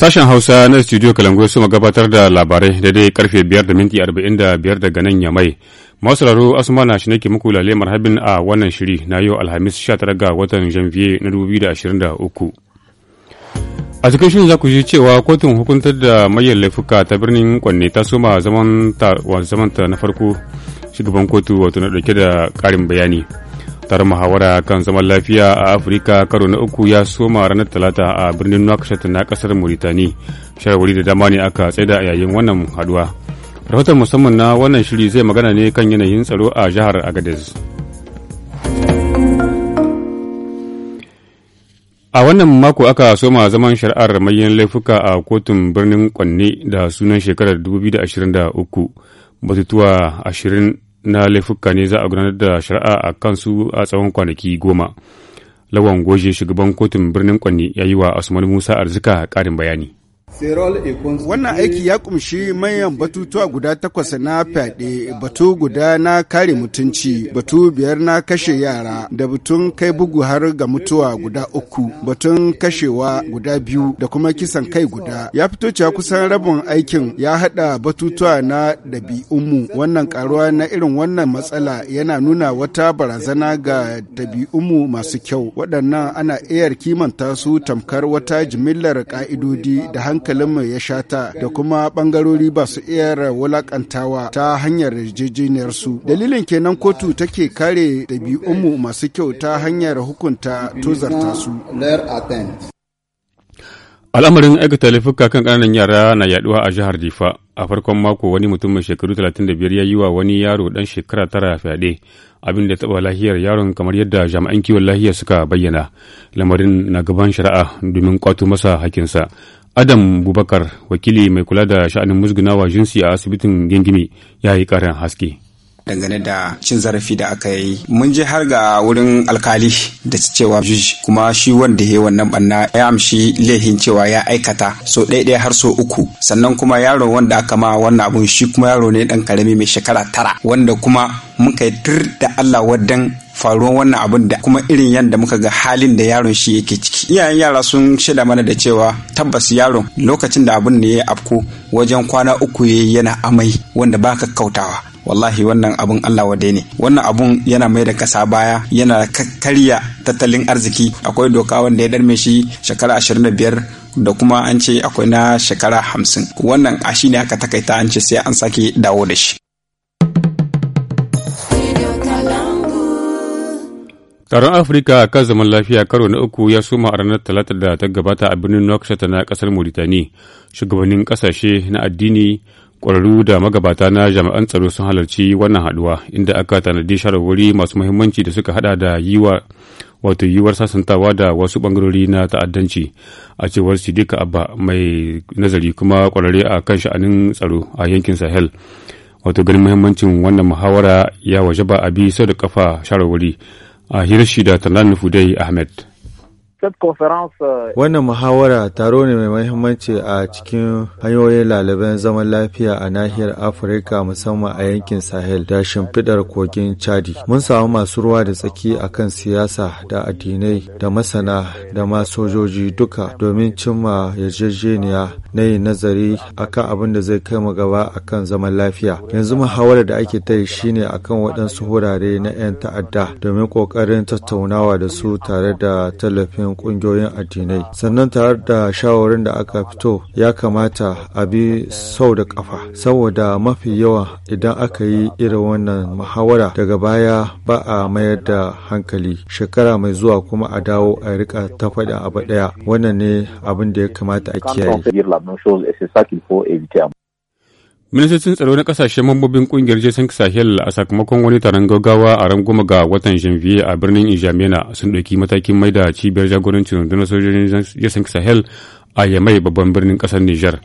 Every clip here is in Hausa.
Sashen Hausa na Studio Kalangoyi suma gabatar da labarai daidai karfe 5 da minti 45 daga nan Yamai. Masauraro Asmana shi nake muku lale marhabin a wannan shiri na yau Alhamis 19 ga watan Janvier na 2023. A cikin shirin za ku ji cewa kotun hukuntar da mayar laifuka ta birnin Kwanne ta soma zamanta na farko shugaban kotu wato na dauke da ƙarin bayani. Taron muhawara kan zaman lafiya a Afirka karo na uku ya soma ranar Talata a birnin Nouakchott na kasar Mauritani. Shawarwari da dama ne aka tsaida a yayin wannan haduwa. Rahoton musamman na wannan shiri zai magana ne kan yanayin tsaro a jihar Agadez. A wannan mako aka soma zaman shari'ar mayan laifuka a kotun birnin Kwanne da sunan shekarar 2023 batutuwa ashirin na laifuka ne za a gudanar da shari'a a kansu a tsawon kwanaki goma. Lawan goje shugaban kotun birnin Kwanni ya yi wa Usman Musa Arzika ƙarin bayani. Wannan aiki ya kumshi manyan batutuwa guda takwas na fyaɗe, batu guda na kare mutunci, batu biyar na kashe yara, da batun kai bugu har ga mutuwa guda uku, batun kashewa guda biyu da kuma kisan kai guda. Ya fito cewa kusan rabin aikin ya haɗa batutuwa na ɗabi'unmu. Wannan ƙaruwa na irin wannan matsala yana nuna wata barazana ga ɗabi'unmu masu kyau. Waɗannan ana iya kimanta su tamkar wata jimillar ƙa'idodi da hankali hankalinmu ya shata da kuma bangarori ba su iya wulakantawa ta hanyar yarjejeniyarsu su dalilin kenan kotu take kare dabi'unmu masu kyau ta hanyar hukunta tozarta su Al'amarin aikata laifuka kan kananan yara na yaduwa a jihar Difa. A farkon mako wani mutum mai shekaru 35 ya yi wa wani yaro ɗan shekara tara fyaɗe, abin da taɓa lahiyar yaron kamar yadda jami'an kiwon lahiya suka bayyana. Lamarin na gaban shari'a domin kwato masa hakinsa. Adam Bubakar, wakili mai kula da sha'anin musgunawa jinsi a asibitin Gingimi, ya yi ƙarin haske. dangane da cin zarafi da aka yi mun je har ga wurin alkali da cewa juji kuma shi wanda ya yi wannan banna ya amshi laihin cewa ya aikata so ɗaya har so uku sannan kuma yaro wanda aka ma wannan abun shi kuma yaro ne dan karami mai shekara tara wanda kuma muka yi dir da Allah wadan faruwan wannan abin da kuma irin yadda muka ga halin da yaron shi yake ciki iyayen yara sun shaida mana da cewa tabbas yaron lokacin da abin da ya afko wajen kwana uku ya yana amai wanda baka kautawa wallahi wannan abun Allah wa ne wannan abun yana mai da kasa baya yana karya tattalin arziki akwai doka wanda ya darme shi shekara ashirin da biyar da kuma an ce akwai na shekara hamsin. wannan a shi ne aka takaita an ce sai an sake dawo da shi Taron Afirka a kan zaman lafiya karo na uku ya suma a ranar Talata da ta gabata a birnin Nouakchott na kasar Mauritani. Shugabannin kasashe na addini, ƙwararru da magabata na jami'an tsaro sun halarci wannan haduwa inda aka tanadi shawarwari masu muhimmanci da suka hada da yiwa wato yiwuwar sasantawa da wasu bangarori na ta'addanci a cewar Sidika Abba mai nazari kuma ƙwararre a kan sha'anin tsaro a yankin Sahel. wato ganin muhimmancin wannan muhawara ya waje ba a bi sau da kafa shawarwari a hirashi da Talan Fudai Ahmed. Euh, Wannan muhawara taro ne mai mahimmanci a cikin hanyoyin laliban zaman lafiya a nahiyar Afirka musamman a yankin Sahel da shimfiɗar kogin Chadi. Mun samu masu ruwa da tsaki a kan siyasa da addinai da masana da ma sojoji duka domin cimma yarjejeniya na yin nazari akan abin da zai kai mu gaba akan zaman lafiya. Yanzu muhawara da ake ta yi shine akan waɗansu wurare na 'yan ta'adda domin ƙoƙarin tattaunawa da su tare da tallafin tsakanin ƙungiyoyin addinai sannan tare da shawarin da aka fito ya kamata a bi sau da ƙafa saboda mafi yawa idan aka yi irin wannan muhawara daga baya ba a mayar da hankali shekara mai zuwa kuma a dawo a rika ta faɗin abu ɗaya wannan ne abin da ya kamata a kiyaye ministocin tsaro na kasashen mambobin kungiyar sun sahel a sakamakon wani taron gaggawa a ran ga watan janvier a birnin Ijamena sun ɗauki matakin mai da cibiyar jagorancin rundunar sojojin sun sahel a yamai babban birnin ƙasar Nijar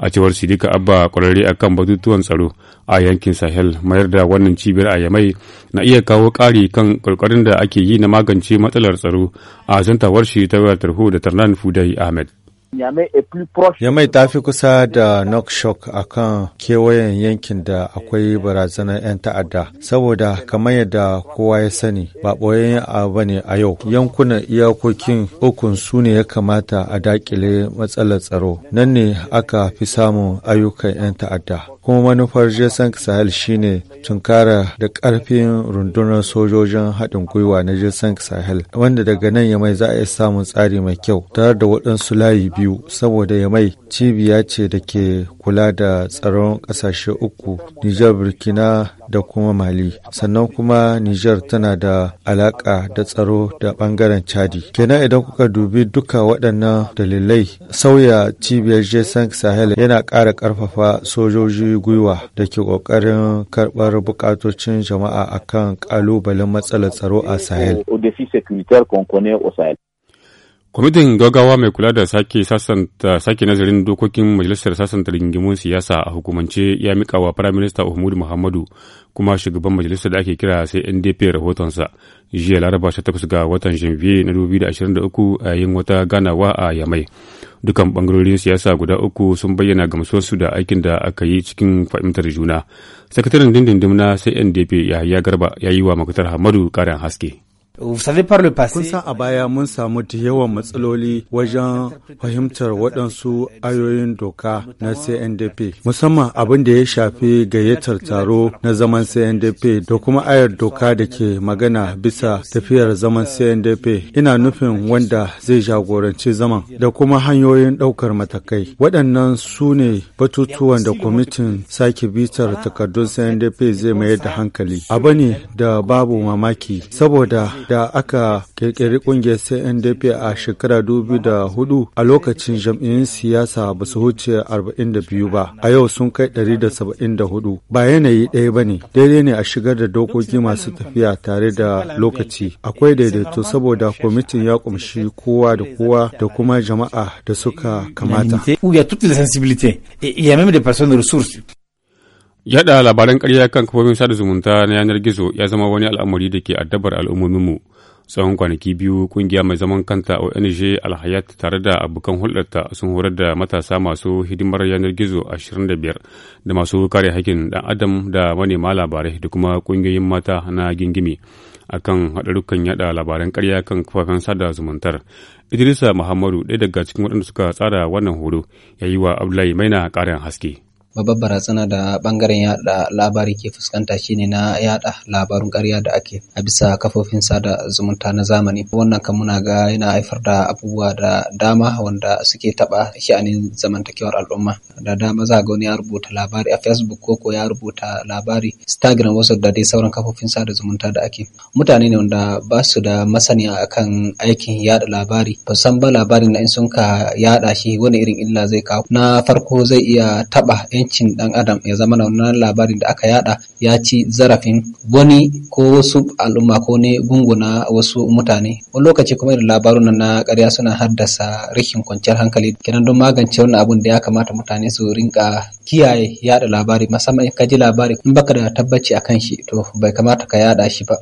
a cewar sidika abba ƙwararre a kan batutuwan tsaro a yankin sahel mayar da wannan cibiyar a yamai na iya kawo ƙari kan ƙoƙarin da ake yi na magance matsalar tsaro a zantawar shi ta tarho da tarnan fudai ahmed Yamai ta fi kusa da Nokshok a kan kewayen yankin da akwai barazanar 'yan ta'adda, saboda kamar yadda kowa ya sani ba ɓoyayyen abu ne a yau. Yankunan iyakokin ukun su ne ya kamata a dakile matsalar tsaro, nan ne aka fi samun ayyukan 'yan ta'adda. kuma manufar jason sahel shine tunkara da karfin rundunar sojojin haɗin gwiwa na jason sahel wanda daga nan ya mai za a iya samun tsari mai kyau tare da waɗansu layi biyu saboda ya mai cibiya ce da ke kula da tsaron ƙasashe uku nijar burkina da kuma mali sannan kuma nijar tana da alaƙa da tsaro da ɓangaren chadi kenan idan kuka dubi duka waɗannan dalilai sauya cibiyar jason sahel yana ƙara ƙarfafa sojoji gwiwa da ke ƙoƙarin karɓar buƙatocin jama'a akan kalubalen matsalar tsaro a Sahel. Kwamitin gaggawa mai kula da sake sassanta sake nazarin dokokin majalisar sasanta rigingimun siyasa a hukumance ya mika wa Firayim Minista Uhumudu Muhammadu kuma shugaban majalisar da ake kira sai NDP rahotonsa jiya Laraba takwas ga watan Janvier na 2023 a yin wata ganawa a Yamai. Dukan bangarorin siyasa guda uku sun bayyana gamsuwarsu da aikin da aka yi cikin fahimtar juna. Sakataren dindindim na sai NDP Yahaya Garba ya yi wa makutar Hamadu karin haske. Par le passé. Kun san a baya mun samu da yawan matsaloli wajen fahimtar waɗansu ayoyin doka na CNDP, musamman abin da ya shafi gayyatar taro na zaman CNDP da kuma ayar doka da ke magana bisa tafiyar zaman CNDP. Ina nufin wanda zai jagoranci zaman da kuma hanyoyin ɗaukar matakai. Waɗannan su ne batutuwan da kwamitin sake bitar takardun CNDP zai mayar da hankali. Abu ne da babu mamaki saboda da aka kirkiri kungiyar CNDP a shekara hudu a lokacin jam'iyyun siyasa ba su huce 42 ba, a yau sun kai 174. Ba yanayi ɗaya ba ne, daidai ne a shigar da dokoki masu tafiya tare da lokaci. Akwai daidaito saboda kwamitin ya kumshi kowa da kowa da kuma jama'a da suka kamata. Yaɗa labaran karya kan kafofin sada zumunta na yanar gizo ya zama wani al'amari da ke addabar al'ummominmu. Tsawon kwanaki biyu kungiya mai zaman kanta ONG Alhayat tare da abokan hulɗarta sun horar da matasa masu hidimar yanar gizo ashirin da biyar da masu kare hakkin ɗan adam da manema labarai da kuma ƙungiyoyin mata na gingimi akan haɗarukan yaɗa labaran karya kan kafafen sada zumuntar. Idrisa Muhammadu ɗaya daga cikin waɗanda suka tsara wannan horo ya yi wa Abdullahi Maina ƙarin haske. babbar barazana da bangaren yada labari ke fuskanta shine na yada labarun ƙarya da ake a bisa kafofin sada zumunta na zamani wannan kan muna ga yana haifar da abubuwa da dama wanda suke taba sha'anin zamantakewar al'umma da dama za ga wani ya rubuta labari a facebook ko ya rubuta labari instagram wasu da dai sauran kafofin sada zumunta da ake mutane ne wanda ba su da masaniya akan aikin yada labari ba san ba labarin na in sun ka yada shi wani irin illa zai kawo na farko zai iya taba 'yancin ɗan adam ya zama na wannan labarin da aka yada ya ci zarafin wani ko wasu al'umma ko ne gunguna wasu mutane wani lokaci kuma irin labarun na ƙarya suna haddasa rikin kwanciyar hankali kenan don magance wannan abun da ya kamata mutane su rinka kiyaye yada labari musamman ka ji labari in baka da tabbaci akan shi to bai kamata ka yada shi ba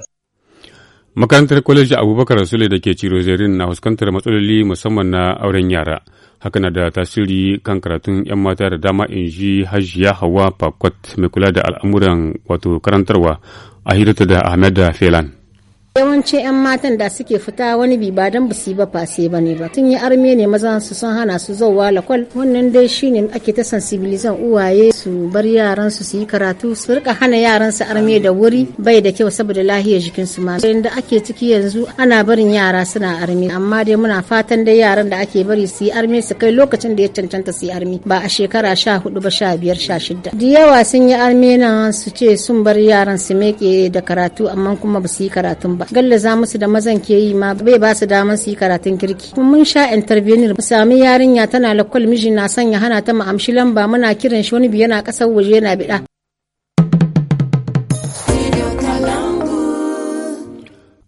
Makarantar kwaleji Abubakar Sule da ke ciro zerin na fuskantar matsaloli musamman na auren yara. Haka na da tasiri kan karatun 'yan mata da dama in ji hajiya Hawa pakwat mai kula da al'amuran wato karantarwa a hirata da Ahmed Felan. yawanci 'yan matan da suke fita wani bi ba don basu ba fase ba ne ba tun yi arme ne maza su sun hana su zauwa lakwal wannan dai shine ake ta sensibilizan uwaye su bar yaran su yi karatu su rika hana yaran su arme da wuri bai da kyau saboda lahiyar jikin su ma da ake ciki yanzu ana barin yara suna arme amma dai muna fatan dai yaran da ake bari su yi arme su kai lokacin da ya cancanta su yi arme ba a shekara sha hudu ba sha biyar sha shida da yawa sun yi arme nan su ce sun bar yaran su meke da karatu amma kuma ba su yi karatun ba galla za musu da mazan ke yi ma bai ba su damar su yi karatun kirki mun sha intervenir mu sami yarinya tana lakwal miji na sanya hana ta mu amshi lamba muna kiran shi wani biyu yana kasar waje yana biɗa.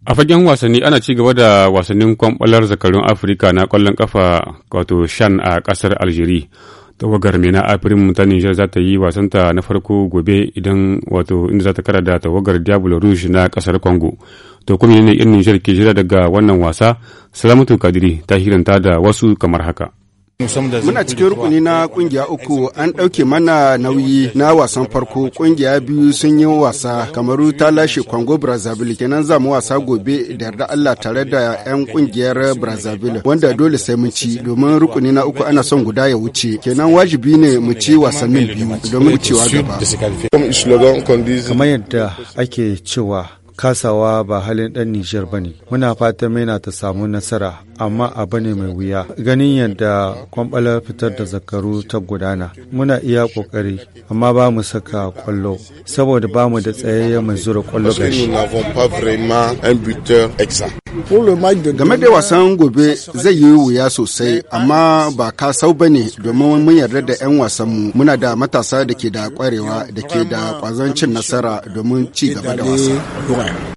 a fagen wasanni ana ci gaba da wasannin kwamɓalar zakarun afirka na kwallon kafa wato shan a kasar algeria tawagar mai na afirin ta nijar za ta yi wasanta na farko gobe idan wato inda za ta kara da tawagar diablo rouge na kasar congo to kuma ne irin nishar ke jira daga wannan wasa salamatu kadiri ta hiranta da wasu kamar haka Muna cikin rukuni na kungiya uku an ɗauke mana nauyi na wasan farko kungiya biyu sun yi wasa kamaru ta lashe Congo Brazzaville kenan zamu wasa gobe da yarda Allah tare da 'yan kungiyar Brazzaville wanda dole sai mu ci domin rukuni na uku ana son guda ya wuce kenan wajibi ne mu ci wasannin biyu domin wucewa gaba. Kamar yadda ake cewa kasawa ba halin ɗan Nijar ba ne. Muna fatan mena ta samu nasara, amma abu ne mai wuya. Ganin yadda kwamɓalar fitar da zakaru ta gudana, muna iya ƙoƙari, amma ba mu saka ƙwallo, saboda ba mu da tsayayya mai zura ƙwallo shi. Game da wasan gobe zai yi wuya sosai amma ba ka sau ba ne domin mun yarda da 'yan wasanmu muna da matasa da ke da kwarewa da ke da kwazancin cin nasara domin ci gaba da wasa.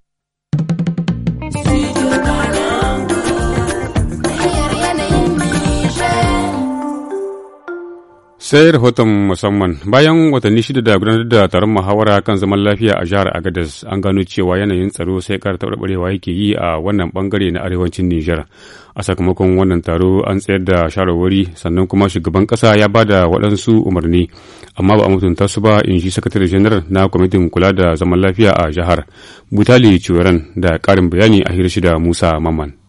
sai rahoton musamman bayan watanni shida da gudanar da taron muhawara kan zaman lafiya a jihar agadez an gano cewa yanayin tsaro sai kar taɓarɓarewa yake yi a wannan bangare na arewacin nijar a sakamakon wannan taro an tsayar da shawarwari sannan kuma shugaban ƙasa ya ba da waɗansu umarni amma ba a mutunta su ba in shi sakatare janar na kwamitin kula da zaman lafiya a jihar butali ciwaran da ƙarin bayani a hirashi da musa mamman.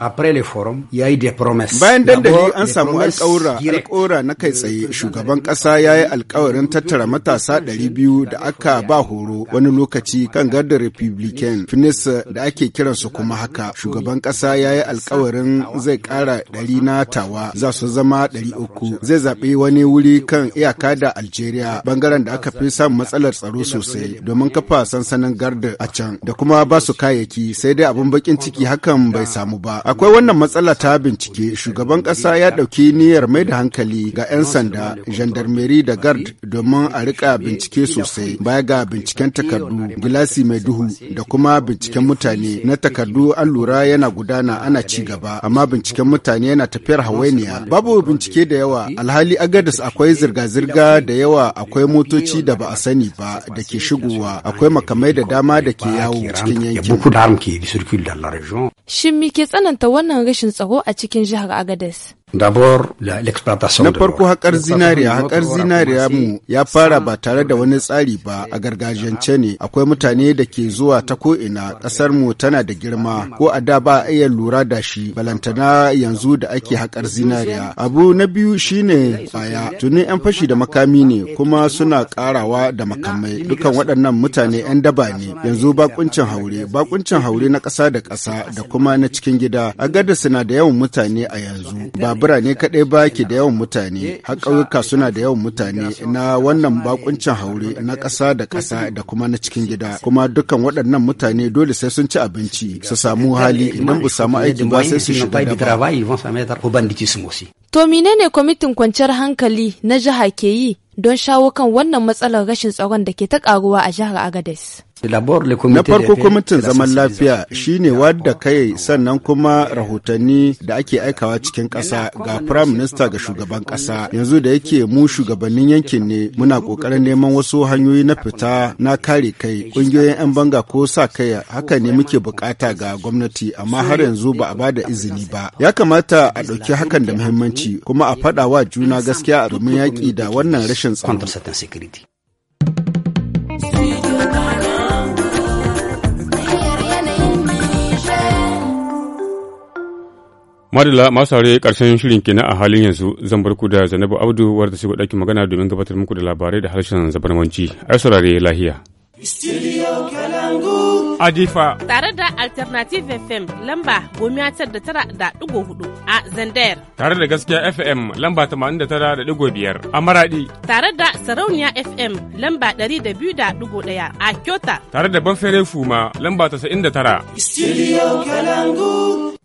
après le forum ya yi de promise. bayan dandali an samu alƙawura alƙawura na kai tsaye shugaban ƙasa ya yi alƙawarin tattara matasa 200 da aka ba horo wani lokaci kan gardar republican finis da ake kiransu kuma haka shugaban ƙasa ya yi alƙawarin zai ƙara 100 na tawa za su zama 300 zai zaɓi wani wuri kan iyaka da algeria bangaren da aka fi samun matsalar tsaro sosai domin kafa sansanin gardar a can da kuma ba su kayayyaki sai dai abin bakin ciki hakan bai samu ba Akwai wannan matsala ta bincike shugaban ƙasa ya ɗauki niyyar mai da hankali ga 'yan sanda, gendarmerie da gard domin a rika bincike sosai baya ga binciken takardu, gilasi mai duhu da kuma binciken mutane na takardu an lura yana gudana ana ci gaba amma binciken mutane yana tafiyar hawainiya. Babu bincike da yawa alhali agadis akwai zirga-zirga da yawa akwai motoci da ba a sani ba da ke shigowa akwai makamai da dama da ke yawo cikin yankin. maganta wannan rashin tsaro a cikin jihar Agadez. dabor Na farko haƙar zinariya, haƙar zinariya mu ya fara ba tare da wani tsari ba a gargajiyance ne. Akwai mutane da ke zuwa ta ko'ina ƙasar mu tana da girma ko a da ba a iya lura da shi balantana yanzu da ake haƙar zinariya. Abu na biyu shine baya tuni 'yan fashi da makami ne kuma suna ƙarawa da makamai. Dukan waɗannan mutane 'yan daba ne yanzu bakuncin haure, bakuncin haure na ƙasa da ƙasa da kuma na cikin gida. Agadis suna da yawan mutane a yanzu. Baba birane kaɗai ba ke da yawan mutane, har ƙauyuka suna da yawan mutane na wannan bakuncin haure na ƙasa da ƙasa da kuma na cikin gida. Kuma dukkan waɗannan mutane dole sai sun ci abinci, su samu hali idan ba samu aiki ba sai su shiga To menene kwamitin kwanciyar hankali na jiha ke yi don shawo kan wannan matsalar rashin tsaron da ke ta karuwa a jihar Agadez? Na farko kwamitin zaman lafiya shine wadda kai sannan kuma rahotanni da ake aikawa cikin ƙasa ga Prime Minister ga shugaban ƙasa. Yanzu da yake mu shugabannin yankin ne muna ƙoƙarin neman wasu hanyoyi na fita na kare kai ƙungiyoyin 'yan banga ko sa kai haka ne muke bukata ga gwamnati amma har yanzu ba a ba da izini ba. Ya kamata a ɗauki hakan da muhimmanci kuma a faɗa wa juna gaskiya a domin yaƙi da wannan rashin tsaro. Madalla masu saurare karshen shirin kenan a halin yanzu zan bar ku da Zainabu Audu wadda ta ɗakin magana domin gabatar muku da labarai da harshen zabarmanci. Ai saurare lahiya. Studio Adifa. Tare da Alternative FM lamba gomiya tar da tara da ɗigo hudu a Zandayar. Tare da gaskiya FM lamba tamanin da tara da ɗigo biyar a Maradi. Tare da Sarauniya FM lamba ɗari da biyu da ɗigo ɗaya a Kyota. Tare da Banfere Fuma lamba tasa'in da tara. Studio Kalangu.